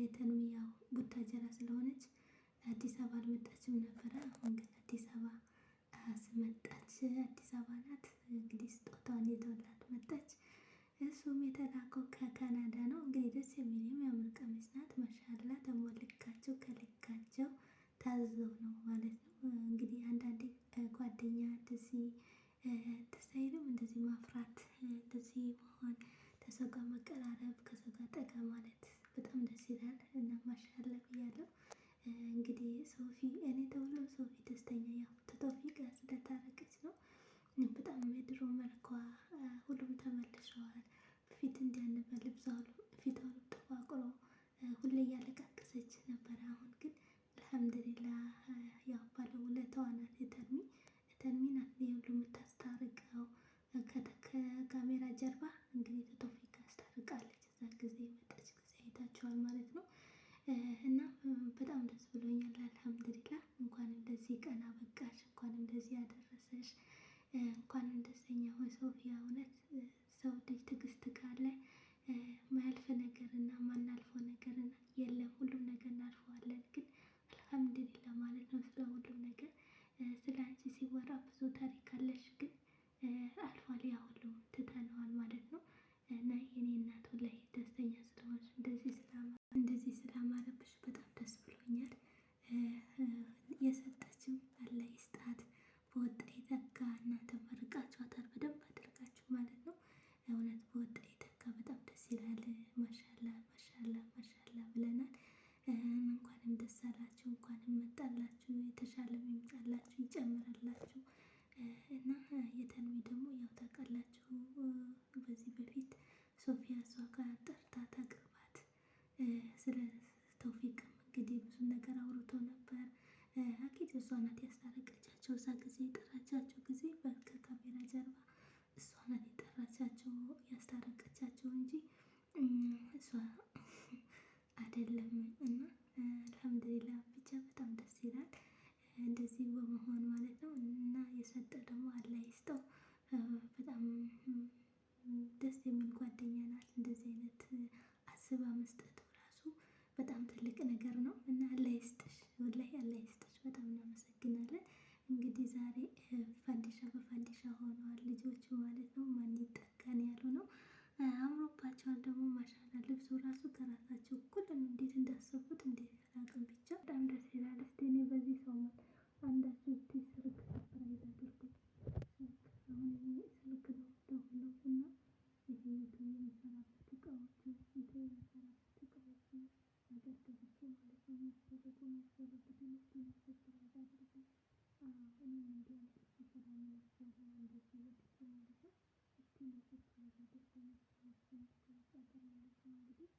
የተንሚያ ቡታጀራ ስለሆነች አዲስ አበባ አልመጣችም ነበረ። አሁን ግን አዲስ አበባ ስመጣች አዲስ አበባ ናት። እንግዲህ ስጦታዋን ይዘውላት መጣች። እሱም የተላከው ከካናዳ ነው። እንግዲህ ደስ የሚል የሚያምር ቀሚስ ናት። ማሻላ ደግሞ ልካቸው ከልካቸው ታዘው ነው ማለት ነው። እንግዲህ አንዳንዴ ጓደኛ እንደዚህ ተሳይልም እንደዚህ ማፍራት እንደዚህ መሆን ተሰው ጋር መቀራረብ ከሰው ጋር ጠጋ ማለት በጣም ደስ ይላል እና ማሻላ ብያለሁ። እንግዲህ ሶፊ እኔ ተውለው ሶፊ ደስተኛ ያው ተቶፊቅ ስለታረቀች ነው። በጣም የድሮ መልኳ ሁሉም ተመልሰዋል። ፊት እንዲያነባ ልብሷ ሁሉ ፊቷ ሁሉ ተቋቁሮ ሁሌ እያለቃቀሰች ነበረ። አሁን ግን አልሐምዱሊላ ያው ባለውለታዋ ናት። ይላችኋል ማለት ነው። እና በጣም ደስ ብሎኛል። አልሐምዱሊላህ እንኳን እንደዚህ ቀን አበቃ ይላል። ማሻላ ማሻላ ማሻላ ብለናል። እንኳንም ደስ አላችሁ፣ እንኳንም መጣላችሁ። የተሻለ ይምጣላችሁ፣ ይጨምርላችሁ እና የተንቢ ደግሞ ያው ታውቃላችሁ በዚህ በፊት ሶፊያ እሷ ጋር ጠርታ ታቅርባት ስለ ተውፊቅም እንግዲህ ብዙ ነገር አውርቶ ነበር። አኪድ እሷ ናት ያስታረቀቻቸው። እዛ ጊዜ የጠራቻቸው ጊዜ በከካሜራ ጀርባ እሷ ናት የጠራቻቸው። ደስ የሚል ጓደኛ ናት። እንደዚህ አይነት አስባ መስጠቱ ራሱ በጣም ትልቅ ነገር ነው እና አላህ ይስጥሽ፣ ወላሂ አላህ ይስጥሽ። በጣም እናመሰግናለን። እንግዲህ ዛሬ ፋንዲሻ በፋንዲሻ ሆነዋል ልጆቹ ማለት ነው። ማን ይጠቀም ያሉ ነው አምሮባቸዋል። ደግሞ ማሻላ ልብሱ ራሱ ከራሳቸው የህይወቱ የመሰራበት እቃዎችን ይዞ የመሰራበት እቃዎችን ነገር ገብቼ ማለት ነው የሚያስፈልጉ የሚያስፈልጉ ትምህርት የሚያስፈልጉ አድርገን እኔም እንዲህ አይነት ስራ የሚያስፈልጉ እንደዚህ ማለት ነው እስቲ መሰረት ያደርገ መስራችን ተመጣጠር ማለት ነው እንግዲህ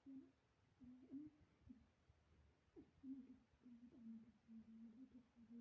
Thank you.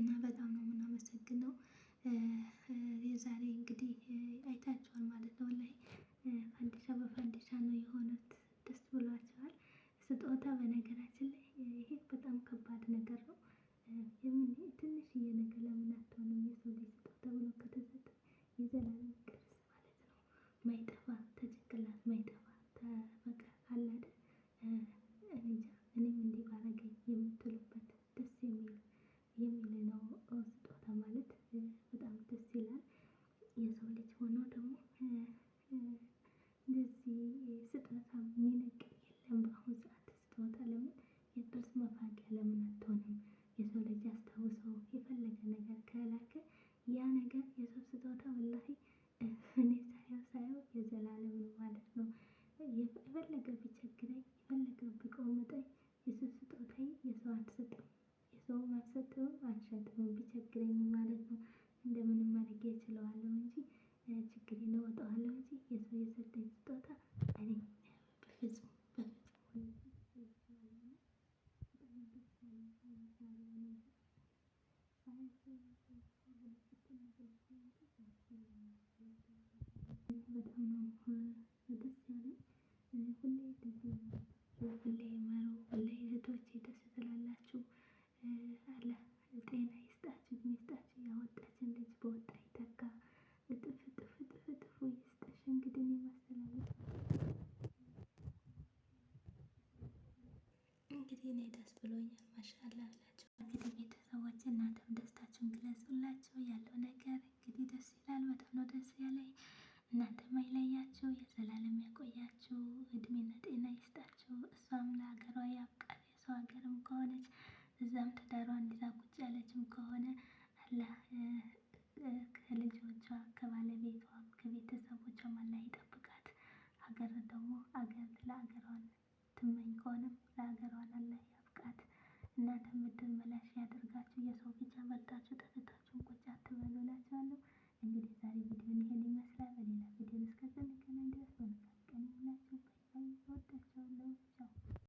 እና በጣም ነው የምናመሰግነው። የዛሬ እንግዲህ አይታችኋል ማለት ነው ላይ ፈንዲሻ በፈንዲሻ ነው የሆኑት ደስ ብሏቸዋል። ስጦታ በነገራችን ላይ ይሄ በጣም ከባድ ነገር ነው። ትንሽዬ ነገር ለምን አትሆንም የሰው ልጅ ስጦታ ብሎ ከተሰጠ የዘላለም ቅርስ ማለት ነው ማይጠፋ ተጭንቅላት ማይጠፋ በቃ አለ እኔ እንጃ እኔም እንዲህ ባረገኝ የምትሉበት ደስ የሚል ለምን አትሆንም? የሰው ልጅ አስታውሰው የፈለገ ነገር ከላከ ያ ነገር የሰው ስጦታ ወላሂ እኔ ሳየው ሳየው የዘላለም ነው ማለት ነው። የፈለገ ቢቸግረኝ የፈለገ ቢቆምጠኝ የሰው ስጦታዬ የሰው አልሰጥም የሰው አልሰጥም አልሸጥም ቢቸግረኝ ማለት ነው። እንደምንም አድርጌ እችለዋለሁ እንጂ ችግሬን እወጣዋለሁ እንጂ የሰው የሰጠኝ ስጦታ እኔ በፍጹም ሁሌ ማረው ሁሌ እህቶች እኔ ደስ ብሎኛል። ማሻላ ብላችሁ እንግዲህ ቤተሰቦች እናንተም ደስታችሁን ግለጹላችሁ። ያለው ነገር እንግዲህ ደስ ይላል። በጣም ነው ደስ ያለኝ። እናንተም አይለያችሁ፣ የዘላለም ያቆያችሁ፣ እድሜና ጤና ይስጣችሁ። እሷም ለሀገሯ ያብቃት። የሰው ሀገርም ከሆነች እዛም ትዳሯ እንዲዛ ቁጭ ያለችም ከሆነ አላህ ከልጆቿ ከባለቤቷ ከቤተሰቦቿም አላህ ይጠብቃት። ሀገር ደግሞ ሀገር ለሀገሯ የምትመኝ ከሆነ ለሀገሯን አላህ ያብቃት። እናንተም ምድር መላሽ ያደርጋችሁ። የሰው ብቻ በልታችሁ ጠጥታችሁ ቁጭ አትበሉ እላችኋለሁ። እንግዲህ ዛሬ ቪዲዮ ይሄን ይመስላል። በሌላ ቪዲዮ እስከምንገናኝ ድረስ መልካም ቀን ይሁንላችሁ። በጣም